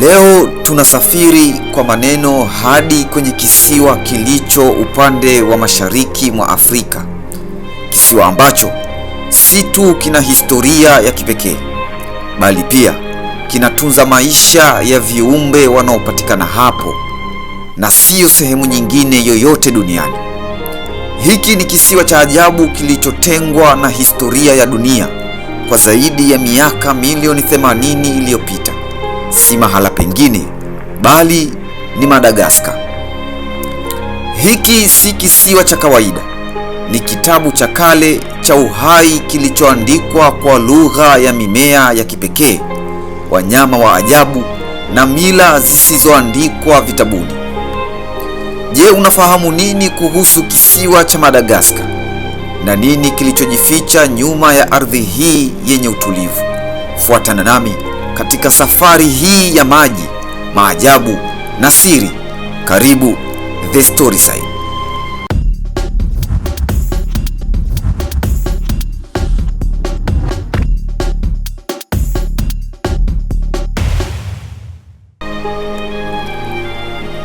Leo tunasafiri kwa maneno hadi kwenye kisiwa kilicho upande wa mashariki mwa Afrika, kisiwa ambacho si tu kina historia ya kipekee bali pia kinatunza maisha ya viumbe wanaopatikana hapo na siyo sehemu nyingine yoyote duniani. Hiki ni kisiwa cha ajabu kilichotengwa na historia ya dunia kwa zaidi ya miaka milioni 80 iliyopita si mahala pengine, bali ni Madagaskar. Hiki si kisiwa cha kawaida, ni kitabu cha kale cha uhai kilichoandikwa kwa lugha ya mimea ya kipekee, wanyama wa ajabu na mila zisizoandikwa vitabuni. Je, unafahamu nini kuhusu kisiwa cha Madagaskar na nini kilichojificha nyuma ya ardhi hii yenye utulivu? Fuatana nami katika safari hii ya maji, maajabu na siri. Karibu The Storyside.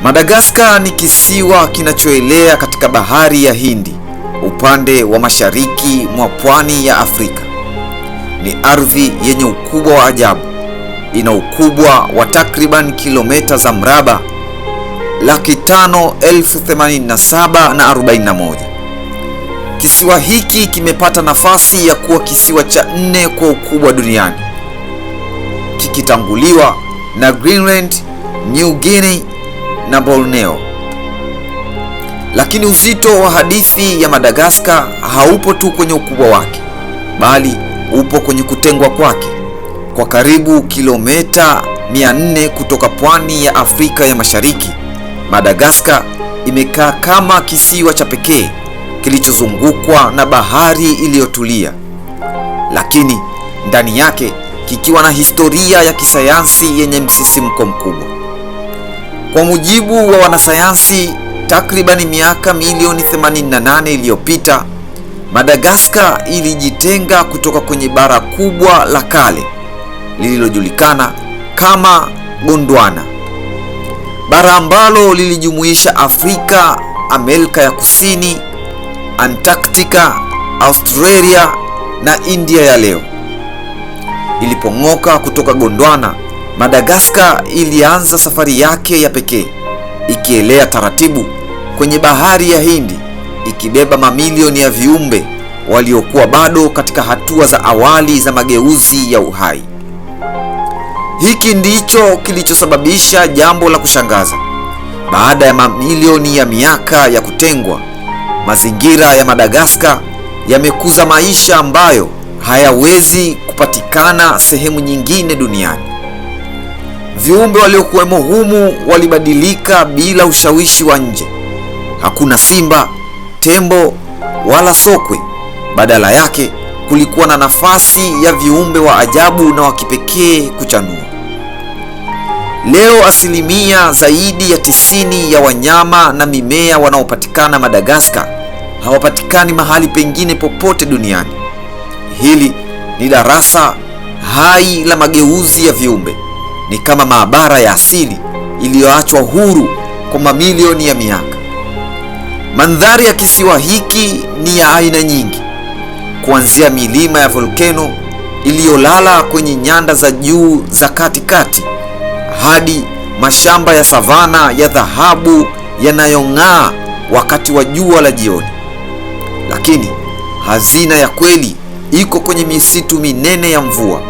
Madagaskar ni kisiwa kinachoelea katika bahari ya Hindi upande wa mashariki mwa pwani ya Afrika. Ni ardhi yenye ukubwa wa ajabu ina ukubwa wa takriban kilomita za mraba laki tano elfu themanini na saba na arobaini na moja. Kisiwa hiki kimepata nafasi ya kuwa kisiwa cha nne kwa ukubwa duniani kikitanguliwa na Greenland, New Guinea na Borneo. Lakini uzito wa hadithi ya Madagaskar haupo tu kwenye ukubwa wake, bali upo kwenye kutengwa kwake kwa karibu kilomita 400 kutoka pwani ya Afrika ya Mashariki, Madagaskar imekaa kama kisiwa cha pekee kilichozungukwa na bahari iliyotulia, lakini ndani yake kikiwa na historia ya kisayansi yenye msisimko mkubwa. Kwa mujibu wa wanasayansi, takribani miaka milioni 88 iliyopita, Madagaskar ilijitenga kutoka kwenye bara kubwa la kale lililojulikana kama Gondwana, bara ambalo lilijumuisha Afrika, Amerika ya Kusini, Antarctica, Australia na India ya leo. Ilipong'oka kutoka Gondwana, Madagaskar ilianza safari yake ya pekee ikielea taratibu kwenye bahari ya Hindi ikibeba mamilioni ya viumbe waliokuwa bado katika hatua za awali za mageuzi ya uhai. Hiki ndicho kilichosababisha jambo la kushangaza. Baada ya mamilioni ya miaka ya kutengwa, mazingira ya Madagaskar yamekuza maisha ambayo hayawezi kupatikana sehemu nyingine duniani. Viumbe waliokuwemo humu walibadilika bila ushawishi wa nje. Hakuna simba, tembo wala sokwe. Badala yake kulikuwa na nafasi ya viumbe wa ajabu na wa kipekee kuchanua. Leo asilimia zaidi ya tisini ya wanyama na mimea wanaopatikana Madagaskar hawapatikani mahali pengine popote duniani. Hili ni darasa hai la mageuzi ya viumbe, ni kama maabara ya asili iliyoachwa huru kwa mamilioni ya miaka. Mandhari ya kisiwa hiki ni ya aina nyingi, kuanzia milima ya volkeno iliyolala kwenye nyanda za juu za katikati hadi mashamba ya savana ya dhahabu yanayong'aa wakati wa jua la jioni. Lakini hazina ya kweli iko kwenye misitu minene ya mvua,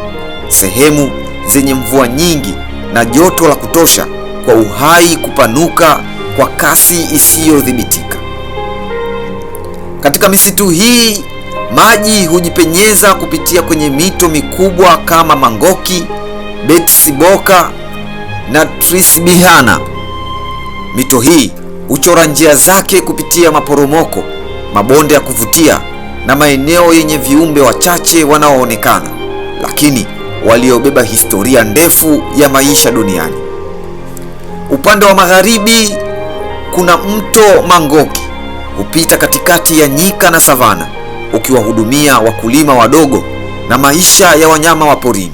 sehemu zenye mvua nyingi na joto la kutosha kwa uhai kupanuka kwa kasi isiyodhibitika. Katika misitu hii Maji hujipenyeza kupitia kwenye mito mikubwa kama Mangoki, Betsiboka na Trisbihana. Mito hii huchora njia zake kupitia maporomoko, mabonde ya kuvutia na maeneo yenye viumbe wachache wanaoonekana, lakini waliobeba historia ndefu ya maisha duniani. Upande wa magharibi kuna mto Mangoki hupita katikati ya nyika na savana ukiwahudumia wakulima wadogo na maisha ya wanyama wa porini.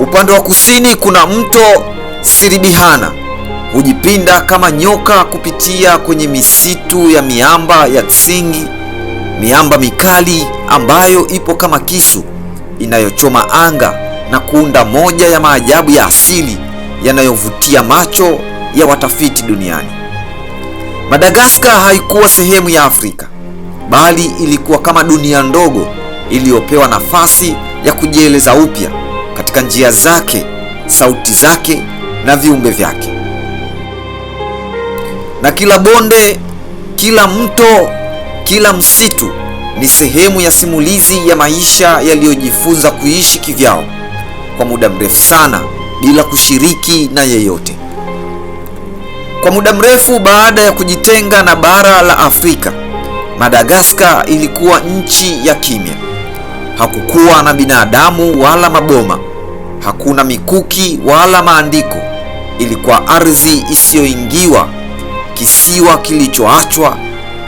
Upande wa kusini kuna mto Siribihana, hujipinda kama nyoka kupitia kwenye misitu ya miamba ya Tsingi, miamba mikali ambayo ipo kama kisu inayochoma anga na kuunda moja ya maajabu ya asili yanayovutia macho ya watafiti duniani. Madagaskar haikuwa sehemu ya Afrika bali ilikuwa kama dunia ndogo iliyopewa nafasi ya kujieleza upya katika njia zake, sauti zake na viumbe vyake. Na kila bonde, kila mto, kila msitu ni sehemu ya simulizi ya maisha yaliyojifunza kuishi kivyao kwa muda mrefu sana bila kushiriki na yeyote. Kwa muda mrefu baada ya kujitenga na bara la Afrika, Madagaskar ilikuwa nchi ya kimya. Hakukuwa na binadamu wala maboma, hakuna mikuki wala maandiko. Ilikuwa ardhi isiyoingiwa, kisiwa kilichoachwa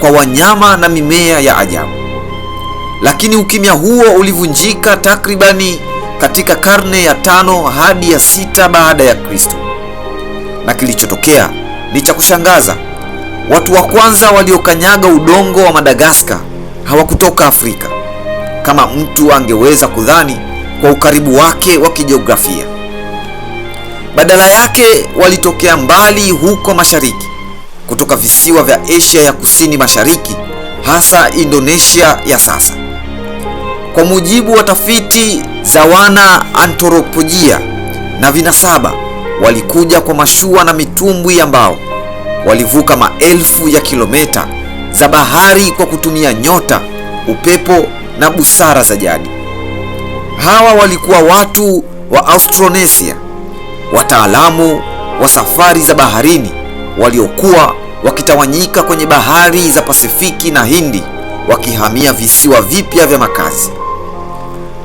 kwa wanyama na mimea ya ajabu. Lakini ukimya huo ulivunjika takribani katika karne ya tano hadi ya sita baada ya Kristo, na kilichotokea ni cha kushangaza. Watu wa kwanza waliokanyaga udongo wa Madagaskar hawakutoka Afrika kama mtu angeweza kudhani kwa ukaribu wake wa kijiografia. Badala yake walitokea mbali huko mashariki, kutoka visiwa vya Asia ya Kusini Mashariki, hasa Indonesia ya sasa. Kwa mujibu wa tafiti za wana antropolojia na vinasaba, walikuja kwa mashua na mitumbwi ya mbao walivuka maelfu ya kilomita za bahari kwa kutumia nyota, upepo na busara za jadi. Hawa walikuwa watu wa Austronesia, wataalamu wa safari za baharini waliokuwa wakitawanyika kwenye bahari za Pasifiki na Hindi, wakihamia visiwa vipya vya makazi.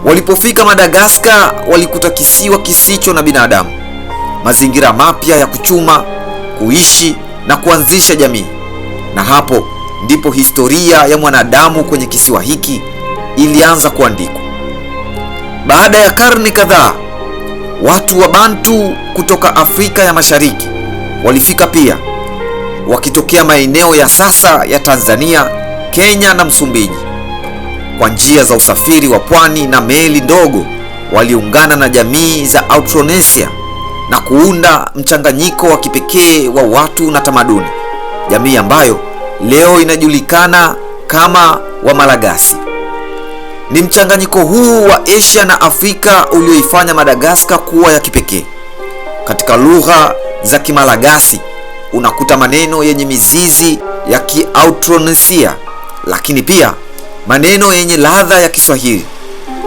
Walipofika Madagaskar, walikuta kisiwa kisicho na binadamu, mazingira mapya ya kuchuma, kuishi na kuanzisha jamii, na hapo ndipo historia ya mwanadamu kwenye kisiwa hiki ilianza kuandikwa. Baada ya karne kadhaa, watu wa Bantu kutoka Afrika ya Mashariki walifika pia, wakitokea maeneo ya sasa ya Tanzania, Kenya na Msumbiji. Kwa njia za usafiri wa pwani na meli ndogo, waliungana na jamii za Austronesia na kuunda mchanganyiko wa kipekee wa watu na tamaduni, jamii ambayo leo inajulikana kama Wamalagasi. Ni mchanganyiko huu wa Asia na Afrika ulioifanya Madagaskar kuwa ya kipekee. Katika lugha za Kimalagasi unakuta maneno yenye mizizi ya Kiautronesia, lakini pia maneno yenye ladha ya Kiswahili,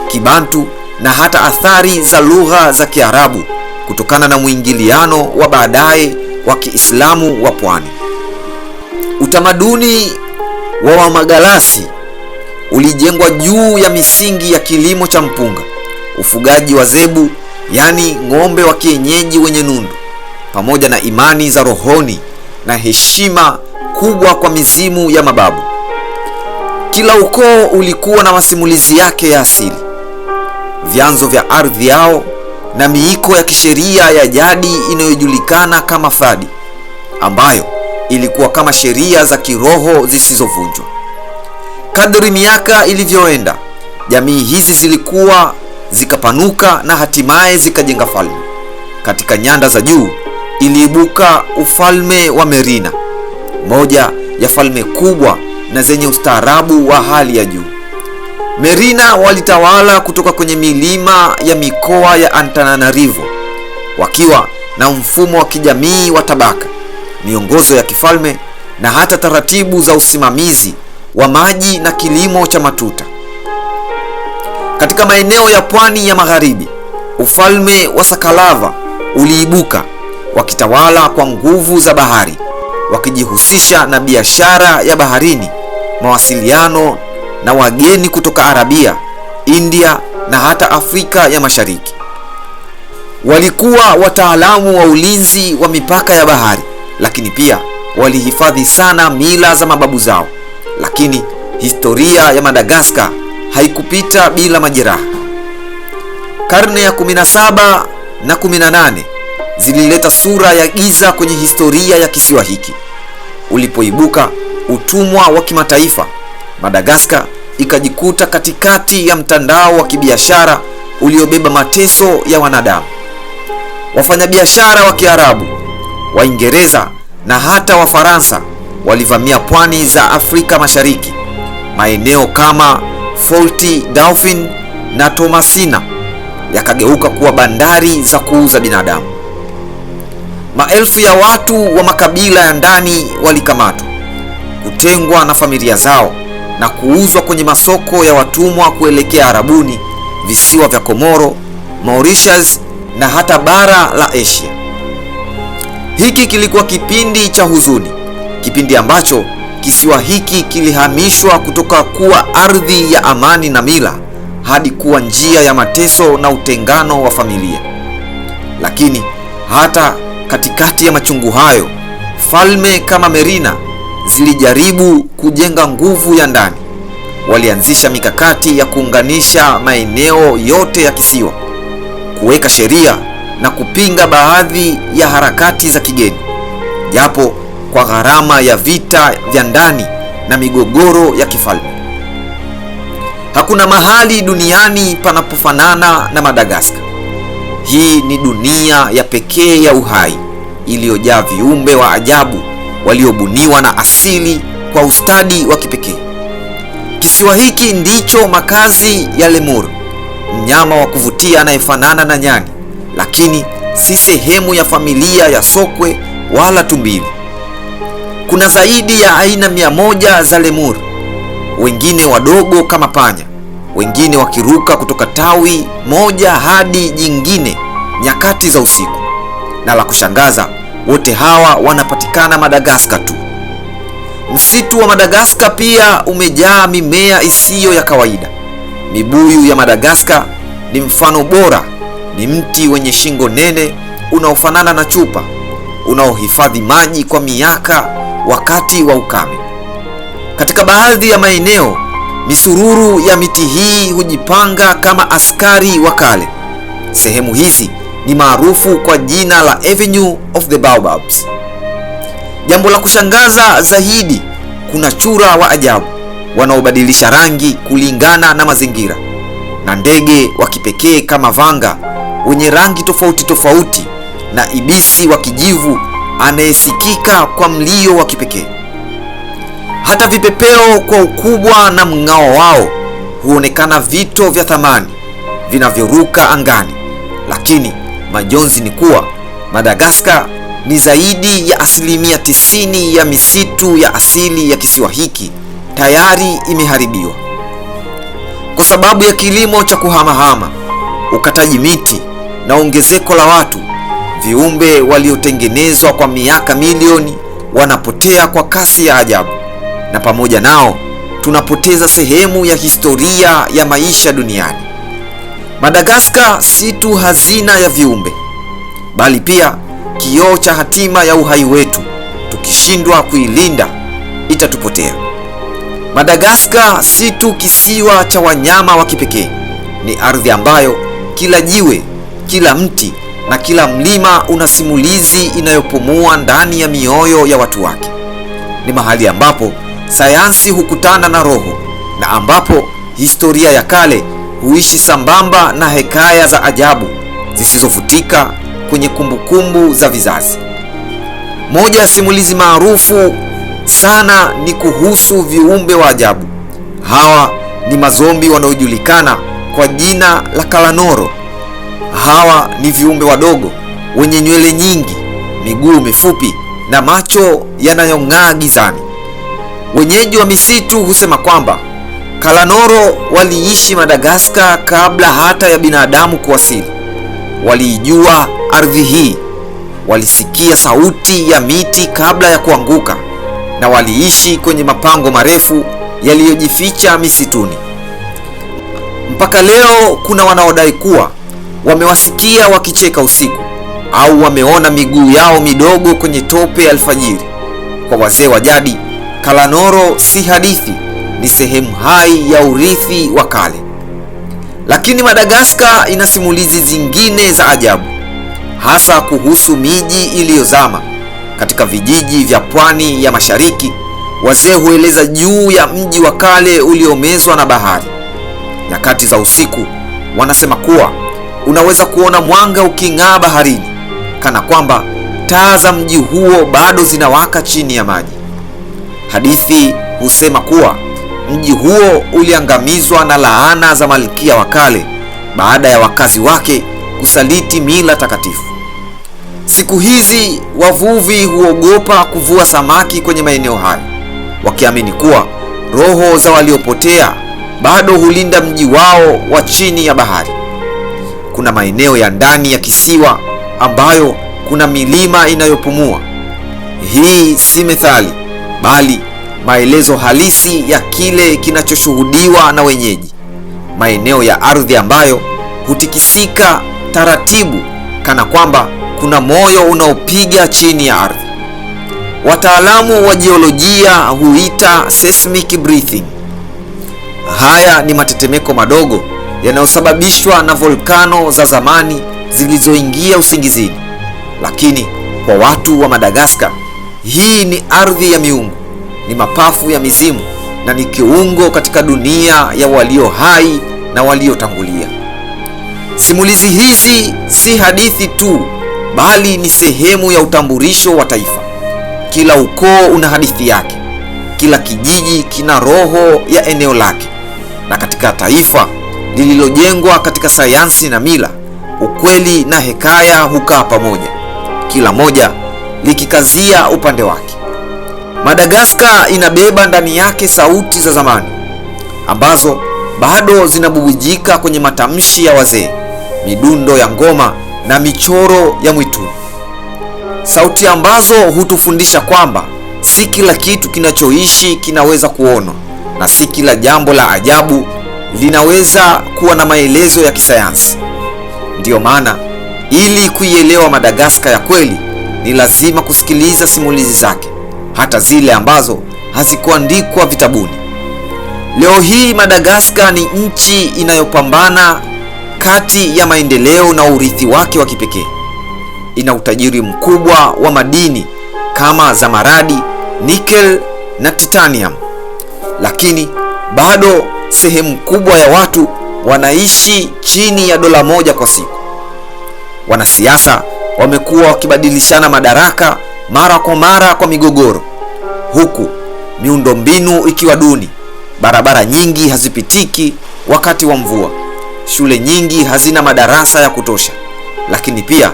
Kibantu na hata athari za lugha za Kiarabu kutokana na mwingiliano wa baadaye wa Kiislamu wa pwani. Utamaduni wa Wamagalasi ulijengwa juu ya misingi ya kilimo cha mpunga, ufugaji wa zebu, yaani ng'ombe wa kienyeji wenye nundu, pamoja na imani za rohoni na heshima kubwa kwa mizimu ya mababu. Kila ukoo ulikuwa na masimulizi yake ya asili, vyanzo vya ardhi yao na miiko ya kisheria ya jadi inayojulikana kama fadi, ambayo ilikuwa kama sheria za kiroho zisizovunjwa. Kadri miaka ilivyoenda, jamii hizi zilikuwa zikapanuka na hatimaye zikajenga falme. Katika nyanda za juu iliibuka ufalme wa Merina, moja ya falme kubwa na zenye ustaarabu wa hali ya juu. Merina walitawala kutoka kwenye milima ya mikoa ya Antananarivo wakiwa na mfumo wa kijamii wa tabaka, miongozo ya kifalme na hata taratibu za usimamizi wa maji na kilimo cha matuta. Katika maeneo ya pwani ya magharibi, ufalme wa Sakalava uliibuka wakitawala kwa nguvu za bahari, wakijihusisha na biashara ya baharini, mawasiliano na wageni kutoka Arabia, India na hata Afrika ya Mashariki. Walikuwa wataalamu wa ulinzi wa mipaka ya bahari, lakini pia walihifadhi sana mila za mababu zao. Lakini historia ya Madagaskar haikupita bila majeraha. Karne ya 17 na 18 zilileta sura ya giza kwenye historia ya kisiwa hiki ulipoibuka utumwa wa kimataifa Madagaskar ikajikuta katikati ya mtandao wa kibiashara uliobeba mateso ya wanadamu. Wafanyabiashara wa Kiarabu, Waingereza na hata Wafaransa walivamia pwani za Afrika Mashariki, maeneo kama Fort Dauphin na Tomasina yakageuka kuwa bandari za kuuza binadamu. Maelfu ya watu wa makabila ya ndani walikamatwa, kutengwa na familia zao na kuuzwa kwenye masoko ya watumwa kuelekea Arabuni, visiwa vya Komoro, Mauritius na hata bara la Asia. Hiki kilikuwa kipindi cha huzuni, kipindi ambacho kisiwa hiki kilihamishwa kutoka kuwa ardhi ya amani na mila hadi kuwa njia ya mateso na utengano wa familia. Lakini hata katikati ya machungu hayo, falme kama Merina zilijaribu kujenga nguvu ya ndani. Walianzisha mikakati ya kuunganisha maeneo yote ya kisiwa, kuweka sheria na kupinga baadhi ya harakati za kigeni, japo kwa gharama ya vita vya ndani na migogoro ya kifalme. Hakuna mahali duniani panapofanana na Madagaskar. Hii ni dunia ya pekee ya uhai iliyojaa viumbe wa ajabu waliobuniwa na asili kwa ustadi wa kipekee. Kisiwa hiki ndicho makazi ya lemur, mnyama wa kuvutia anayefanana na nyani, lakini si sehemu ya familia ya sokwe wala tumbili. Kuna zaidi ya aina mia moja za lemur, wengine wadogo kama panya, wengine wakiruka kutoka tawi moja hadi jingine nyakati za usiku. Na la kushangaza wote hawa wanapatikana Madagaskar tu. Msitu wa Madagaskar pia umejaa mimea isiyo ya kawaida. Mibuyu ya Madagaskar ni mfano bora. Ni mti wenye shingo nene unaofanana na chupa, unaohifadhi maji kwa miaka wakati wa ukame. Katika baadhi ya maeneo, misururu ya miti hii hujipanga kama askari wa kale. Sehemu hizi ni maarufu kwa jina la Avenue of the Baobabs. Jambo la kushangaza zaidi, kuna chura wa ajabu wanaobadilisha rangi kulingana na mazingira na ndege wa kipekee kama vanga wenye rangi tofauti tofauti na ibisi wa kijivu anayesikika kwa mlio wa kipekee. Hata vipepeo kwa ukubwa na mng'ao wao huonekana vito vya thamani vinavyoruka angani, lakini Majonzi ni kuwa Madagaskar ni zaidi ya asilimia tisini ya misitu ya asili ya kisiwa hiki tayari imeharibiwa kwa sababu ya kilimo cha kuhamahama, ukataji miti na ongezeko la watu. Viumbe waliotengenezwa kwa miaka milioni wanapotea kwa kasi ya ajabu, na pamoja nao tunapoteza sehemu ya historia ya maisha duniani. Madagaskar si tu hazina ya viumbe, bali pia kioo cha hatima ya uhai wetu. Tukishindwa kuilinda, itatupotea. Madagaskar si tu kisiwa cha wanyama wa kipekee, ni ardhi ambayo kila jiwe, kila mti na kila mlima una simulizi inayopumua ndani ya mioyo ya watu wake. Ni mahali ambapo sayansi hukutana na roho na ambapo historia ya kale huishi sambamba na hekaya za ajabu zisizofutika kwenye kumbukumbu kumbu za vizazi. Moja ya simulizi maarufu sana ni kuhusu viumbe wa ajabu. Hawa ni mazombi wanaojulikana kwa jina la Kalanoro. Hawa ni viumbe wadogo wenye nywele nyingi, miguu mifupi na macho yanayong'aa gizani. Wenyeji wa misitu husema kwamba Kalanoro waliishi Madagaskar kabla hata ya binadamu kuwasili. Waliijua ardhi hii, walisikia sauti ya miti kabla ya kuanguka, na waliishi kwenye mapango marefu yaliyojificha misituni. Mpaka leo kuna wanaodai kuwa wamewasikia wakicheka usiku au wameona miguu yao midogo kwenye tope alfajiri. Kwa wazee wa jadi, Kalanoro si hadithi ni sehemu hai ya urithi wa kale. Lakini Madagaskar ina simulizi zingine za ajabu, hasa kuhusu miji iliyozama. Katika vijiji vya pwani ya mashariki, wazee hueleza juu ya mji wa kale uliomezwa na bahari. Nyakati za usiku, wanasema kuwa unaweza kuona mwanga uking'aa baharini, kana kwamba taa za mji huo bado zinawaka chini ya maji. Hadithi husema kuwa Mji huo uliangamizwa na laana za malkia wa kale baada ya wakazi wake kusaliti mila takatifu. Siku hizi wavuvi huogopa kuvua samaki kwenye maeneo hayo, wakiamini kuwa roho za waliopotea bado hulinda mji wao wa chini ya bahari. Kuna maeneo ya ndani ya kisiwa ambayo kuna milima inayopumua. Hii si methali, bali maelezo halisi ya kile kinachoshuhudiwa na wenyeji, maeneo ya ardhi ambayo hutikisika taratibu kana kwamba kuna moyo unaopiga chini ya ardhi. Wataalamu wa jiolojia huita seismic breathing. Haya ni matetemeko madogo yanayosababishwa na volkano za zamani zilizoingia usingizini. Lakini kwa watu wa Madagaskar, hii ni ardhi ya miungu ni mapafu ya mizimu na ni kiungo katika dunia ya walio hai na waliotangulia. Simulizi hizi si hadithi tu, bali ni sehemu ya utambulisho wa taifa. Kila ukoo una hadithi yake, kila kijiji kina roho ya eneo lake, na katika taifa lililojengwa katika sayansi na mila, ukweli na hekaya hukaa pamoja, kila moja likikazia upande wake. Madagaskar inabeba ndani yake sauti za zamani ambazo bado zinabubujika kwenye matamshi ya wazee, midundo ya ngoma na michoro ya mwitu. sauti ambazo hutufundisha kwamba si kila kitu kinachoishi kinaweza kuonwa na si kila jambo la ajabu linaweza kuwa na maelezo ya kisayansi. Ndiyo maana ili kuielewa Madagaskar ya kweli, ni lazima kusikiliza simulizi zake, hata zile ambazo hazikuandikwa vitabuni. Leo hii Madagaskar ni nchi inayopambana kati ya maendeleo na urithi wake wa kipekee. Ina utajiri mkubwa wa madini kama zamaradi, nikel na titanium, lakini bado sehemu kubwa ya watu wanaishi chini ya dola moja kwa siku. Wanasiasa wamekuwa wakibadilishana madaraka mara kwa mara kwa migogoro, huku miundombinu ikiwa duni, barabara nyingi hazipitiki wakati wa mvua, shule nyingi hazina madarasa ya kutosha. Lakini pia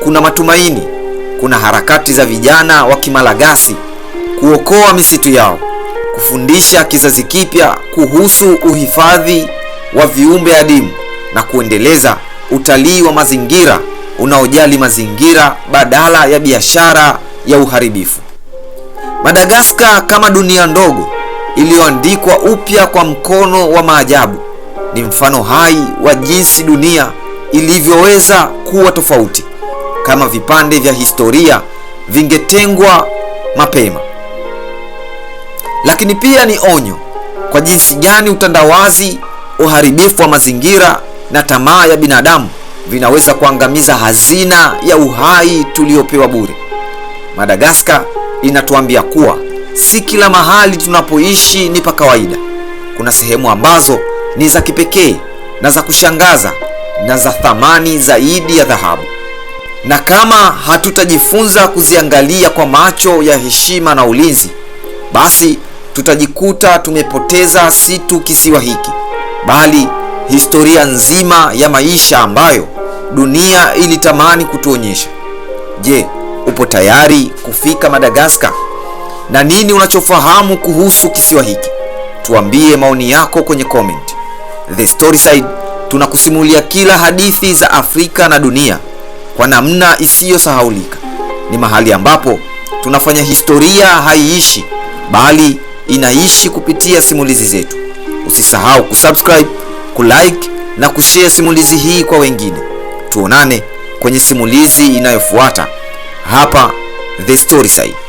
kuna matumaini. Kuna harakati za vijana wa Kimalagasi kuokoa misitu yao, kufundisha kizazi kipya kuhusu uhifadhi wa viumbe adimu na kuendeleza utalii wa mazingira unaojali mazingira badala ya biashara ya uharibifu. Madagaskar, kama dunia ndogo iliyoandikwa upya kwa mkono wa maajabu, ni mfano hai wa jinsi dunia ilivyoweza kuwa tofauti kama vipande vya historia vingetengwa mapema. Lakini pia ni onyo kwa jinsi gani utandawazi, uharibifu wa mazingira na tamaa ya binadamu vinaweza kuangamiza hazina ya uhai tuliopewa bure. Madagaskar inatuambia kuwa si kila mahali tunapoishi ni pa kawaida. Kuna sehemu ambazo ni za kipekee na za kushangaza na za thamani zaidi ya dhahabu, na kama hatutajifunza kuziangalia kwa macho ya heshima na ulinzi, basi tutajikuta tumepoteza si tu kisiwa hiki, bali historia nzima ya maisha ambayo dunia ilitamani kutuonyesha. Je, upo tayari kufika Madagaskar na nini unachofahamu kuhusu kisiwa hiki? Tuambie maoni yako kwenye comment. The Storyside tunakusimulia kila hadithi za Afrika na dunia kwa namna isiyosahaulika. Ni mahali ambapo tunafanya historia haiishi, bali inaishi kupitia simulizi zetu. Usisahau kusubscribe, kulike na kushare simulizi hii kwa wengine. Tuonane kwenye simulizi inayofuata hapa The Story Side.